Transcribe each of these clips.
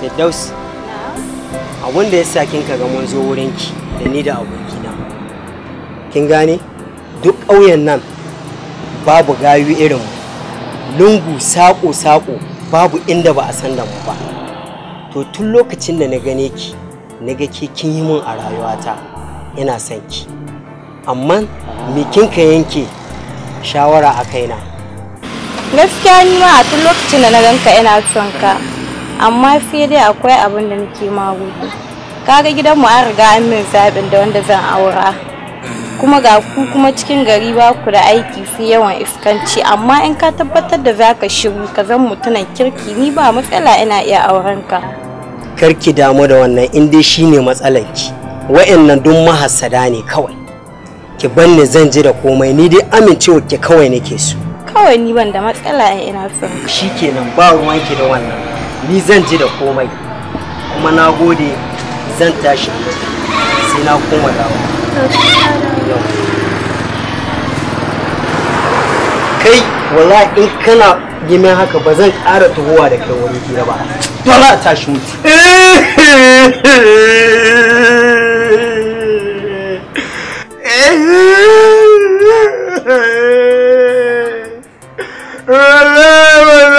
Firdaus abin da ya sa kin ga mun zo wurinki da ni da abokina kin gane duk ƙauyen nan babu gayu irin lungu sako sako babu inda ba a san da mu ba to tun lokacin da na gane ki na ga ke kin yi mun a rayuwata ina son ki amma me kin ka yanke shawara a kaina gaskiya ni ma a tun lokacin da na ganka ina son ka amma fiye dai akwai abin da nake ma gobe kaga gidanmu an riga an min zabin da wanda zan aura kuma ga ku kuma cikin gari ba ku da aiki fi yawan iskanci amma in ka tabbatar da zaka shiru ka zan mutunan kirki ni ba matsala ina iya auren ka karki damu da wannan in dai shine ki wa'annan duk mahassada ne kawai ki banne zan ji da komai ni dai amincewa ki kawai nake so kawai ni ban da matsala ina son shikenan ba ki da wannan ni zan ji da komai kuma na gode zan tashi sai na koma da kai wala in kana yi haka ba zan ƙara tuhuwa da kai wani hira ba Dola a tashi mutu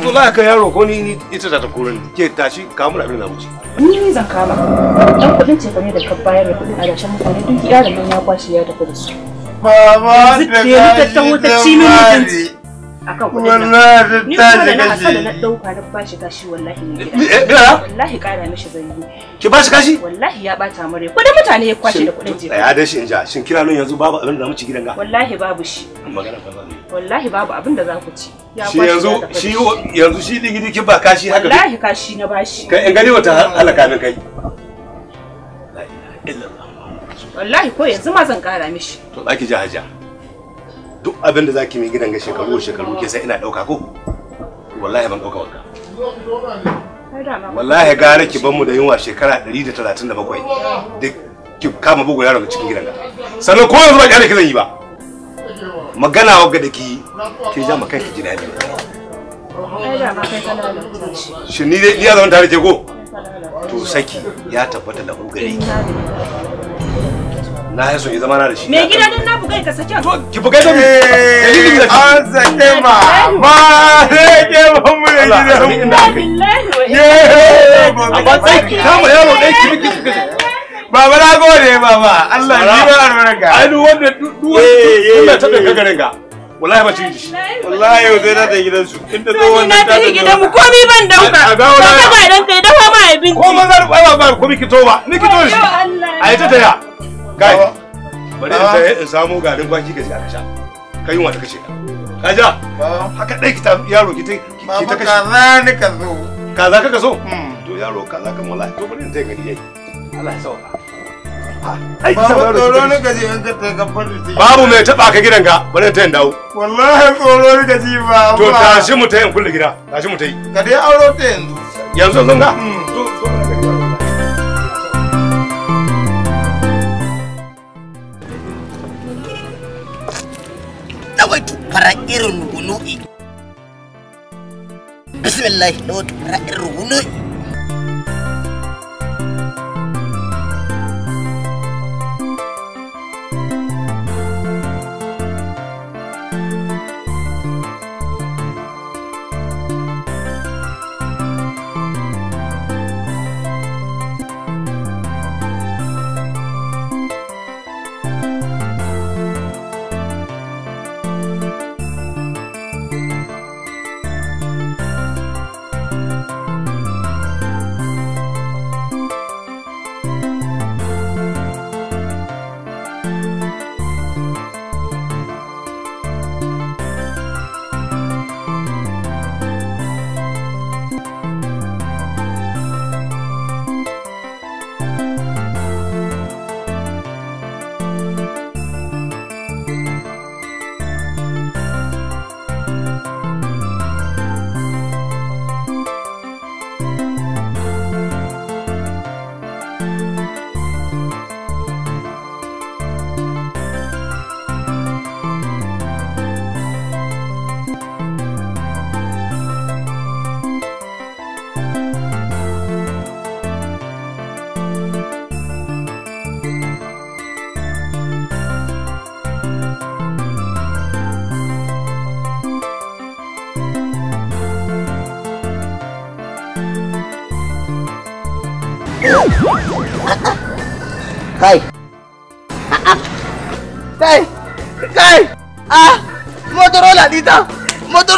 to za ka yaro ko ni ita za ta kore ni ke tashi ka mun abin da wuce ni ne zan kama dan kudin ce ne da ka bayar da kudin adashin mutane duk yaron nan ya kwashi ya tafi da su mama da ka da wuta ci min mutunci akan kudin nan ni kuma da na asali na dauka na bashi kashi wallahi ne eh, gida eh, wallahi kara mishi zai ki bashi kashi wallahi ya bata mure kudin mutane ya kwashe da kudin jefa ya dashi in ja shin kira nan yanzu babu abin da mu ci gidan ga wallahi babu shi magana ba wallahi babu abin da za ku ci shi yanzu shi yanzu shi digidiki ba kashi haka wallahi kashi na bashi kai in gani wata halaka na kai wallahi ko yanzu ma zan kara mishi to zaki ji haja duk abin da zaki mai gidan ga shekaru shekaru ke sai ina dauka ko wallahi ban dauka wanka wallahi gara ki banmu da yunwa shekara 137 duk ki kama bugu yaro cikin gidan sannan ko yanzu ba kyale ki zan yi ba magana wa da ki ke ja kai ki jina ne shi ni dai ya zama tare ke ko to saki ya tabbata lahu gare ki na yaso ya zama na da shi me gida din na bugai ka saki to ki bugai da eh, ni an sake ma ba sai ke ban mu ne gidan mu billahi wa inna eh, ilaihi sai ki kama yaro dai ki miki Baba na gode baba. Allah ya yi albarka. Ai duk wanda duk wanda ta daga garin ga. Wallahi ba cin ji. Wallahi yau zai ta gidan su. Inda zo wannan ta ta gidan mu komi ban dauka. Ka ga ba dan kai dafa ma abinci. Ko mazar ba ba ko miki to ba. Ni ki to shi. Ai ta taya. Kai. Bari in sai in samu garin baki ga ji a kasha. Kai wanda kace. kashe ka. Kaja. Haka dai ki ta yaro ki ta ki ta kashe. Kaza ni ka zo. Kaza ka ka zo. Hmm. To yaro kaza ka mallaka. to bari in sai gari yayi. Allah ya sauka. Babu mai taba ka gidan ka bari ta yin dawo. Wallahi tsoro ni ji ba. To tashi mu ta yin kulle gida, tashi mu ta yi. Ka dai auro ta yanzu. Yanzu zan ga? Dawaitu hmm, fara irin rugunu'i. Bismillah, dawaitu fara irin rugunu'i.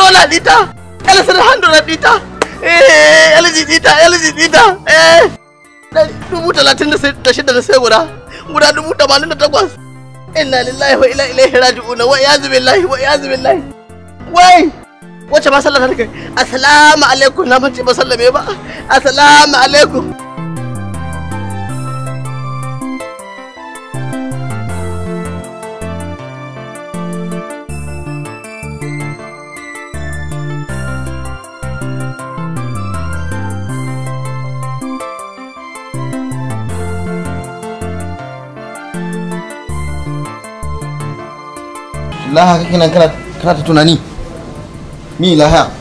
dola dita Ela se sir handura dita eh ela dita ela dita eh dubu talatin da shida da sai Gura guda dubu tamanin da takwas inna lillahi wa inna ilaihi raji'un. wa iyazu billahi wa iyazu billahi wai wace ma sallar ta kai assalamu alaikum na mace ba sallame ba assalamu alaikum laha kake nan kana ta tunani mi laha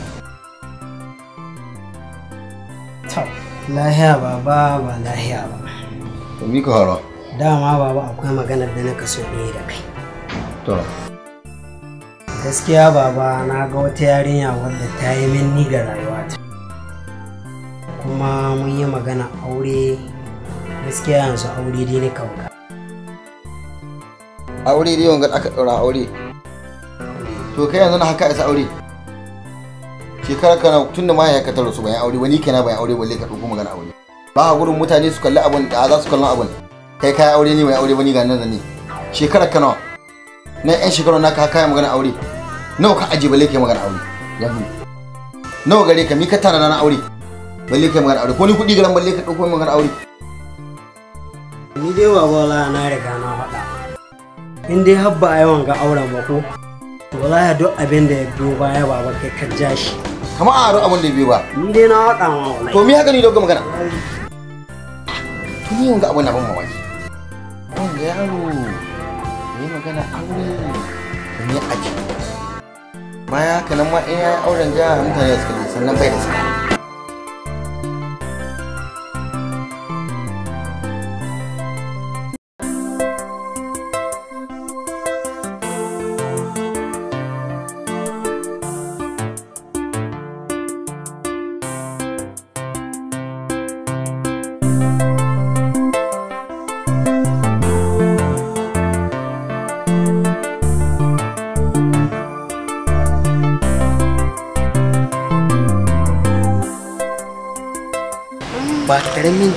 lahiya ba ba ba lahiya ba to mi ka haro dama baba akwai maganar da na kaso ɗaya da kai to gaskiya baba na ga wata yarinya wadda ta yi min ni ga rayuwata kuma mun yi magana aure gaskiya yanzu aure dai ni kawai aure dai wanga aka ɗora aure to kai yanzu na haka isa aure shekara kana tunda ma ya katar su bayan aure wani kana bayan aure balle ka dauko magana aure ba a gurin mutane su kalli abun da za su kallon abun kai kai aure ne bayan aure wani ga nan da ne shekara kana na yan shekaru naka ka ya magana aure nawa ka aje balle kai magana aure yanzu nawa gare ka mi ka tara na aure balle kai magana aure ko ni kudi garan balle ka dauko magana aure ni dai baba na riga na faɗa in dai habba a yawan ga auren ba ko wallahi duk abin da ya biyo baya baba kai ka ja shi kama a aro abin da ya biyo ba ni dai na waka ma wallahi to me haka ni dauka magana tun yau ga abin abin mawaki ban ga yaro yi magana aure ni a ji baya haka ma in ya auren ja mutane suka sannan bai da suka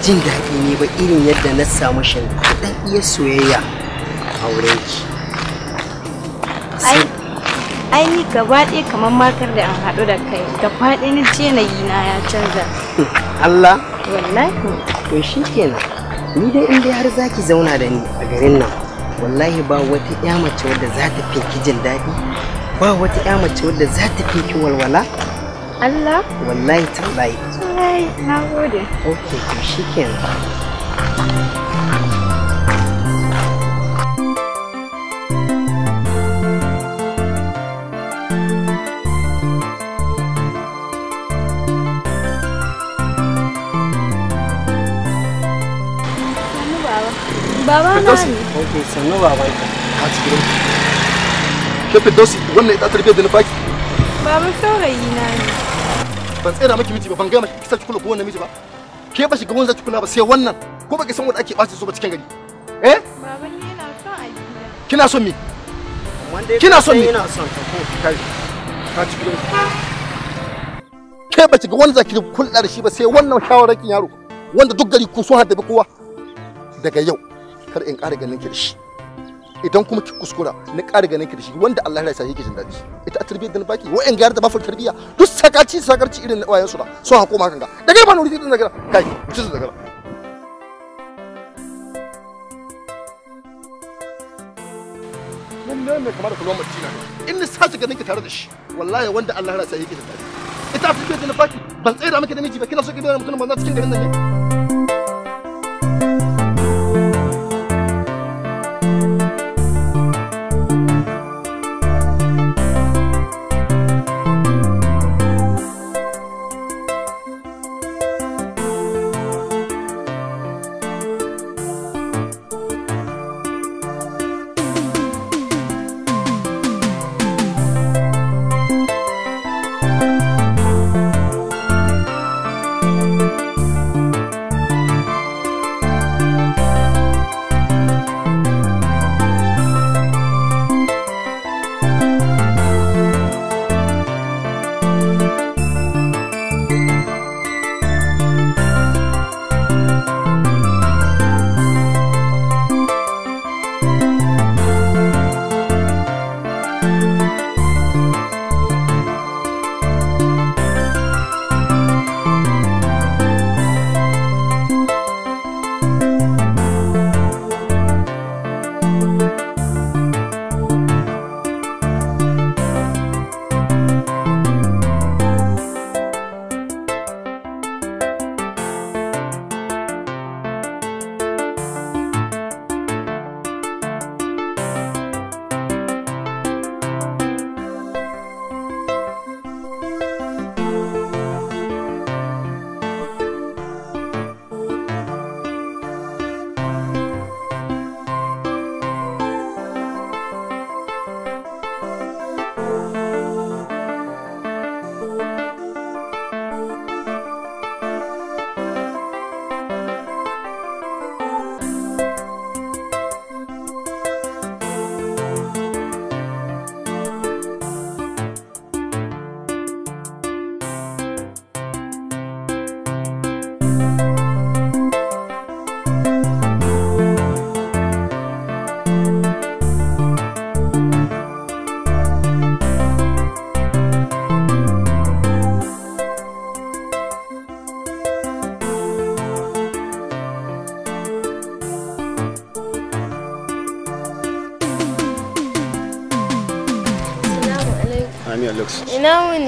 jin daɗi ne ba irin yadda na samu shi ɗan iya soyayya a wurin ki. Ai ni gaba ɗaya kamar makar da an haɗu da kai gaba ɗaya na ce na yi na ya canza. Allah? Wallahi. To shi kenan. Ni dai in dai har ki zauna da ni a garin nan wallahi ba wata ƴa mace wadda za ta fi jin daɗi ba wata ƴa mace wadda za ta fi walwala Allah? Wallahi tallahi. Wallahi, na gode. Ok, to shi baba na ne okay sannu baba ka ka ci ke fitosi wannan ita tarbiyyar da na baki baban saurayi na ne ban tsira miki miji ba ban gaya miki kisa ki kula ko wannan miji ba ke ba shiga wanzan ki kula ba sai wannan ko baki san wanda ake ɓaci so ba cikin gari eh baban ni yana son a kina son me kina son me ina son ka ko kai ka ci kula ke ba shiga wanda ki kula da shi ba sai wannan shawarakin yaro wanda duk gari ku so haddabi kowa daga yau kar in ƙara ganin ki da shi idan kuma ki kuskura na ƙara ganin ki da shi wanda Allah ya sake ki jin daɗi ita a tarbiyyar da na baki wa'en ga yarda ba fur tarbiyya duk sakaci sakarci irin wayan su ba so hako ma kanka da kai ba nuri din daga kai ci daga mun ne mai kamar kulwa matina in ni sace ganin ki tare da shi wallahi wanda Allah ya sake ki jin daɗi ita a tarbiyyar da na baki ban tsaya miki da miji ba kina so ki bayyana mutum banza cikin garin nan ne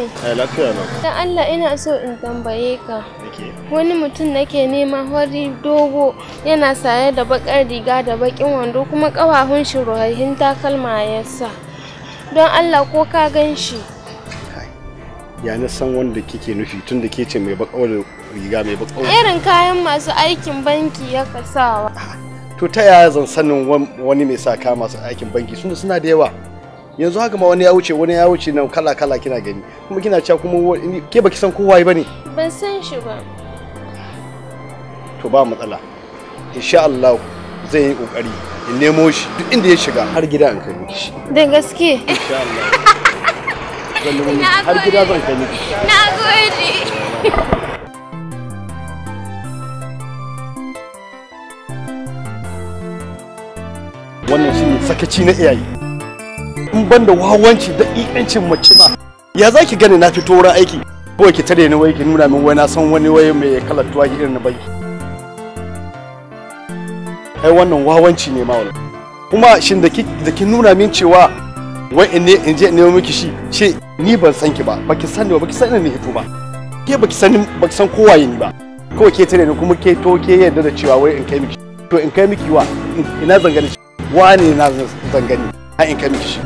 ne? Eh lafiya na. Dan Allah ina so in tambaye ka. Wani mutum nake nema hori dogo yana saye da bakar riga da bakin wando kuma kawahun shi ruhahin takalma ya sa. Don Allah ko ka gan shi? Ya na san wanda kike nufi tun da ke ce mai bakawar riga mai bakawar. Irin kayan masu aikin banki ya kasawa. To ta yaya zan sanin wani mai sa kaya masu aikin banki suna da yawa. yanzu haka ma wani ya wuce wani ya wuce nan kala kala kina gani kuma kina cewa kuma ke baki san kowa ba ne ban san shi ba to ba matsala insha Allah zai yi kokari in nemo shi duk inda ya shiga har gida an kai shi da gaske insha Allah har gida zan kai miki na gode wannan shi sakaci na iyaye in ban da wawanci da ikancin mace na ya za ki gani na fito wurin aiki ko ki tare ni wai ki nuna min wai na san wani wai mai kalar ki irin na baki. ai wannan wawanci ne ma wala kuma shin da ki da ki nuna min cewa wai in ne in je in nemo miki shi ce ni ban san ki ba baki san ni ba baki san ni hito ba ke baki san baki san kowa ni ba kawai ke tare ni kuma ke to ke yadda da cewa wai in kai miki to in kai miki wa ina zangane ne na zangane har in kai miki shi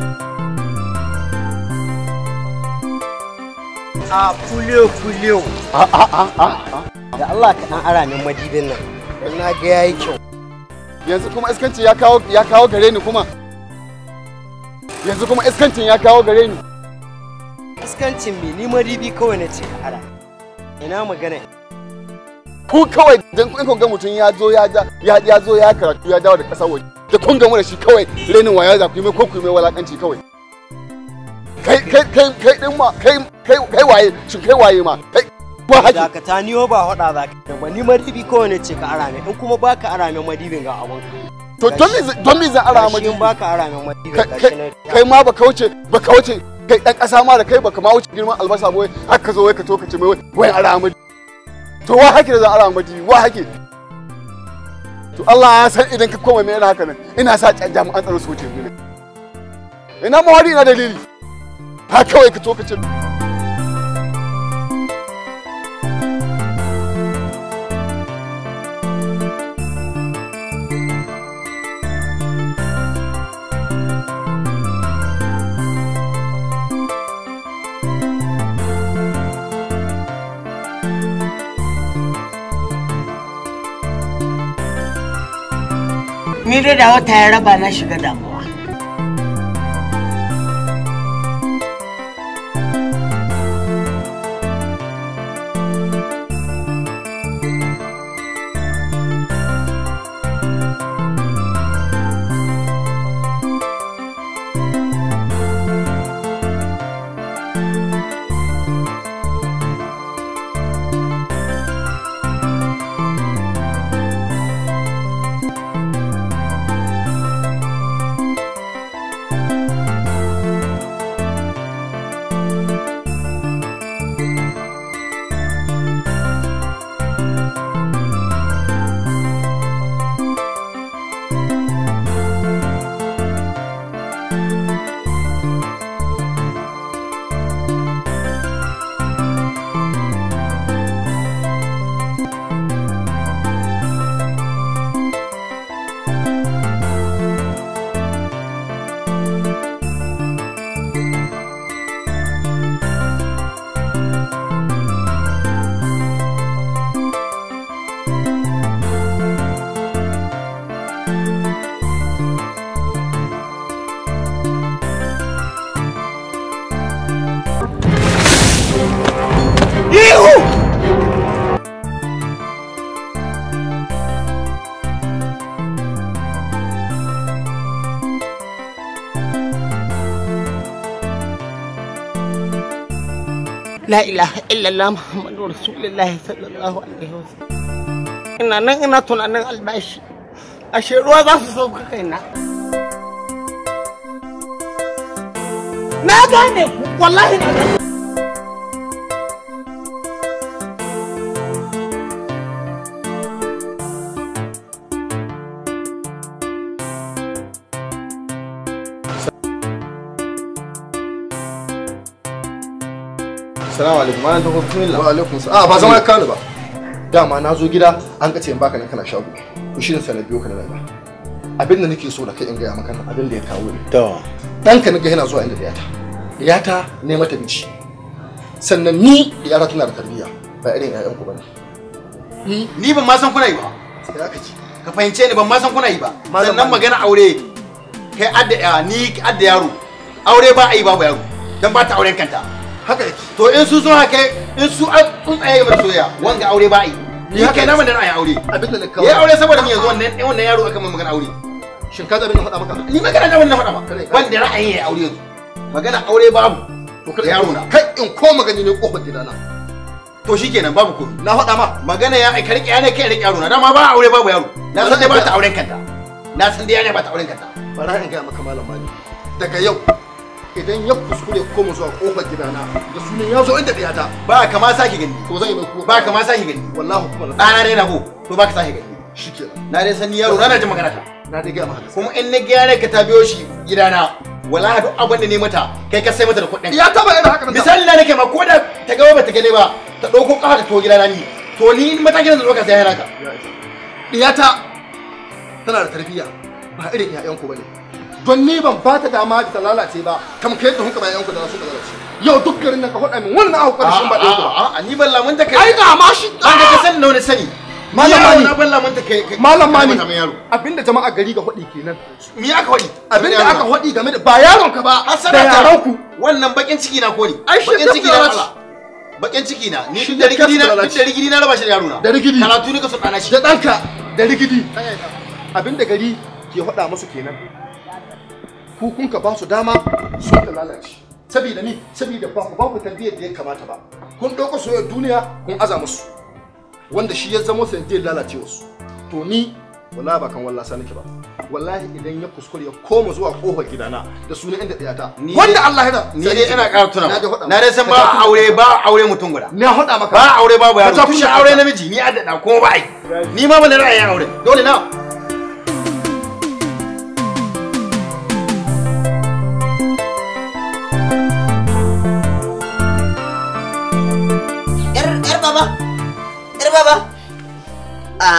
a kuliyo kuliyo a a a da Allah ka dan ara min madibin nan dan na ga yayi kyau yanzu kuma iskancin ya kawo ya kawo gare ni kuma yanzu kuma iskancin ya kawo gare ni iskancin me ni madibi kawai na ce ara ina magana ku kawai dan kun ga mutun ya zo ya zo ya karatu ya dawo da kasar waje da kun gamu da shi kawai renin waya za ku yi mai ko ku yi mai walakanci kawai kai kai kai kai din ma kai kai kai waye shin kai waye ma kai ma haki da ka ta niyo ba hoda za ka ba ni madibi kawai ne ce ka arame in kuma ba arame madibin ga abun to don me don me zan arame madibin baka arame madibin kai ma ba kauce ba kauce kai dan kasa ma da kai baka ma wuce girman albasa boye har ka zo wai ka to ce mai wai arame to wa haki da za arame madibi wa haki to Allah ya san idan ka koma mai yana haka nan ina sa jami'an tsaro su wuce ina mawari ina dalili ha kawai ka to ka ce ni dai da wata ya raba na shiga damu la ilaha illallah muhammadu Rasulullah sallallahu alaihi wasallam ina nan ina tunanin albashi ashe ruwa za su sauka kaina na gane wallahi na gane malam ta kofi milla wa alaikum a ah, ba zama ka ba dama na zo gida an kace in baka nan kana shago ku shirin sa na biyo ka nan abin da nake so da kai in gaya maka abin da ya kawo ni to danka naga yana zuwa inda da yata yata ne mata bici sannan ni yata tana da tarbiyya ba irin ƴaƴanku bane ni ban ma san kuna yi ba sai aka ci ka fahimce ni ban ma san kuna yi ba sannan magana aure kai adda ah, ni adda yaro aure ba a yi babu yaro dan ba ta auren kanta haka to in su sun haka in su an tsuntsaye ba soya wanga aure ba yi ni haka na mun da ai aure abin da kawai ya aure saboda ni yanzu wannan wannan yaro aka mun magana aure shin ka ga abin da faɗa maka ni magana da wannan faɗa maka wanda ra'ayi ya aure yanzu magana aure babu to kada yaro na kai in ko magani ne kofar na to shikenan babu ko na faɗa ma magana ya ka rike yana kai rike yaro na dama ba aure babu yaro na san dai ba ta auren kanta na san dai yana ba ta auren kanta ba in ga maka malam mali daga yau idan ya kuskure ko mu zuwa kofar gidana da sunan ya zo inda ɗiyata ba ka ma sake gani ko zan yi mai ba ka ma sake gani wallahi kuma ɗana dai na ko to ba ka sake gani ke na dai sani yaro rana ji magana ta na dai gaya maka kuma in na ne ka ta biyo shi gidana wallahi duk abin da ne mata kai ka sai mata da kuɗin ya taba yana haka misali na nake ma ko da ta gaba ba ta gane ba ta ɗauko ƙafa ta to gidana ni to ni gidan da ɗauka sai ya haka ɗiyata tana da tarbiyya ba irin 'ya'yanku ba ne don ni ban ba ta dama ta lalace ba kam kai da hunka bayan ku da su da lalace yau duk garin nan ka faɗa min wannan abu kada sun ba ɗaya ba a ni ban lamun da kai ai da ma shi ban da ka sani na wani sani malama ne ban lamun da kai malama ne abinda jama'a gari ga faɗi kenan me aka faɗi abinda aka faɗi game da ba yaron ka ba da yaron ku wannan bakin ciki na kore bakin ciki na Allah bakin ciki na ni da rigidi na da rigidi na raba shi da yaro na da rigidi karatu ne ka so ɗana shi da danka da rigidi abinda gari ke faɗa musu kenan ku ka ba su dama su ta lalace saboda ni saboda ba ku ba ku tarbiyyar da ya kamata ba kun ɗauka soyayya duniya kun aza musu wanda shi ya zama sanadiyar lalace su to ni wallahi ba kan wallasa nake ba wallahi idan ya kuskure ya koma zuwa kofar gidana da sunan inda tsayata wanda Allah ya ni dai ina ƙara tuna na dai san ba aure ba aure mutum guda na hoda maka ba aure babu yaro tushen aure namiji ni adada kuma ba ai ni ma ban ra'ayin aure dole na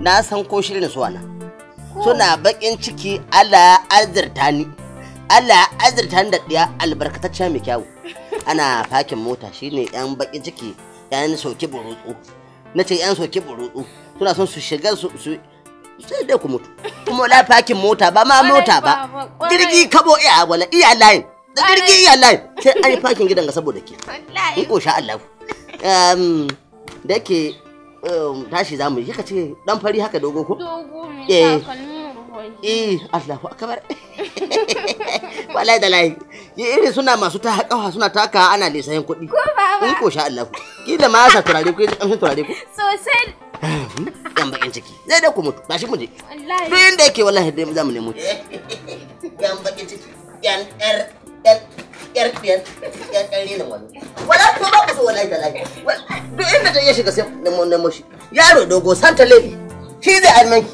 na san ko shirin su wana suna bakin ciki ala azirta ni ala azirta ni da ɗaya albarkatacciya mai kyawu ana fakin mota shine yan bakin ciki yan soki burutsu na ce yan soki burutsu suna son su shiga su sai dai ku mutu kuma la fakin mota ba ma mota ba jirgi kabo iya wala iya layin da jirgi iya layin sai an yi fakin gidan ga saboda ke in ko sha Allah da ke tashi za mu yi kika ce dan fari haka dogo ko dogo ne eh eh Allahu akbar wallahi da lai lahi irin suna masu ta haƙawa suna taka ana lisayen kuɗi ko baba ko sha Allah kila ma sa turare ko kamshin turare ko sosai dan bakin ciki zai da ku mutu ba shi mu je wallahi duk inda yake wallahi dai za mu nemo dan bakin ciki yan er yar biyar wala ko ba ku da lafiya duk inda ta ya shiga sai na moshi yaro dogo santa lebi shi zai almanki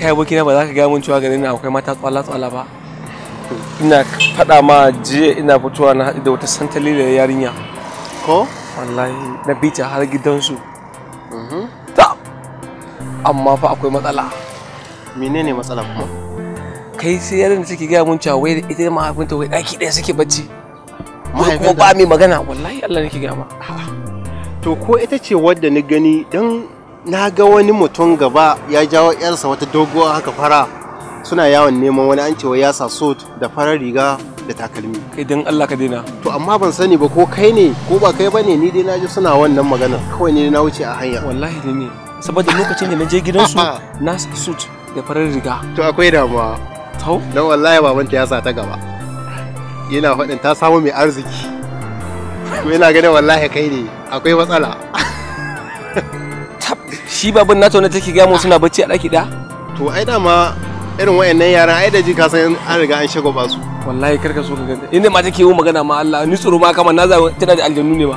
kai abokina ba za ka gaya mun cewa ganin akwai mata tsalla tsalla ba ina faɗa ma jiya ina fitowa na haɗu da wata santali da yarinya ko wallahi na bita har gidansu mm-hmm. ta amma fa akwai matsala menene matsala kuma kai sai yarin da take gaya mun cewa wai da ita mahaifinta wai daki ɗaya suke bacci kuma ba mai magana wallahi Allah nake gaya ma to ko ita ce wadda ni gani dan na ga wani mutum gaba ya jawo yarsa wata doguwa haka fara suna yawon neman wani an cewa ya sa suit da farar riga da takalmi kai dan Allah ka daina to amma ban sani ba ko kai ne ko ba kai bane ni dai naji suna wannan magana kawai ne na wuce a hanya wallahi ne saboda lokacin da na je gidansu na sa sut da farar riga to akwai damuwa tau dan wallahi babanta ya sa ta gaba yana faɗin ta samu mai arziki ko yana ganin wallahi kai ne akwai matsala shi babin nato wanda take gamu suna bacci a ɗaki da. to ai dama irin wayannan yaran ai da ji ka san an riga an shago ba su wallahi kar ka so ka ganta inda ma take yi magana ma Allah ni tsoro ma kama na za tana da aljannu ne ma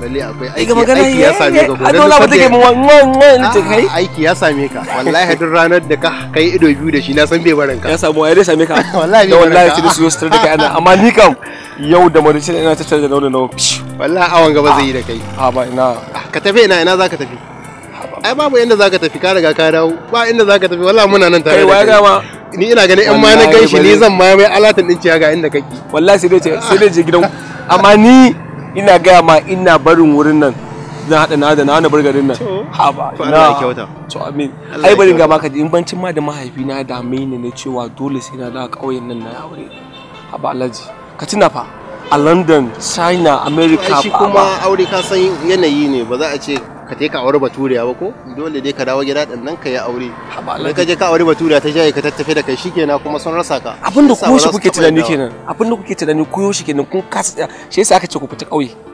lalle akwai aiki aiki ya same ka gobe dole ba take mu wannan ta kai aiki ya same ka wallahi duk ranar da ka kai ido biyu da shi na san bai barin ka ya samu ai dai same ka wallahi wallahi sai su sutar da kai ana amma ni kam yau da madadin ina tattare da nauna nawa wallahi awan gaba zai yi da kai a ba ina ka tafi ina ina zaka tafi ai babu inda zaka tafi ka riga ka dawo ba inda zaka tafi wala muna nan tare kai ni ina ganin in ma na gan shi ni zan ma mai alatan din ciya ga inda kake wallahi sai dai sai dai je gidan amma ni ina gaya ma ina barin wurin nan zan haɗa na da na wani burgarin nan ha ba na kyauta to amin ai barin ga maka in bancin ma da mahaifi na da mai ne ne cewa dole sai na da kauyen nan na aure ha ba alaji ka tuna fa a london china america ba shi kuma aure ka san yanayi ne ba za a ce ka je ka aure baturiya ba ko dole dai ka dawo gida din nan ka yi aure idan ka je ka aure baturiya ta jaye ka tattafe da kai shikenan kuma sun rasa ka abinda ko shi kuke tunani kenan abinda kuke tunani koyo shi kenan kun kasa shi yasa aka ce ku fita kauye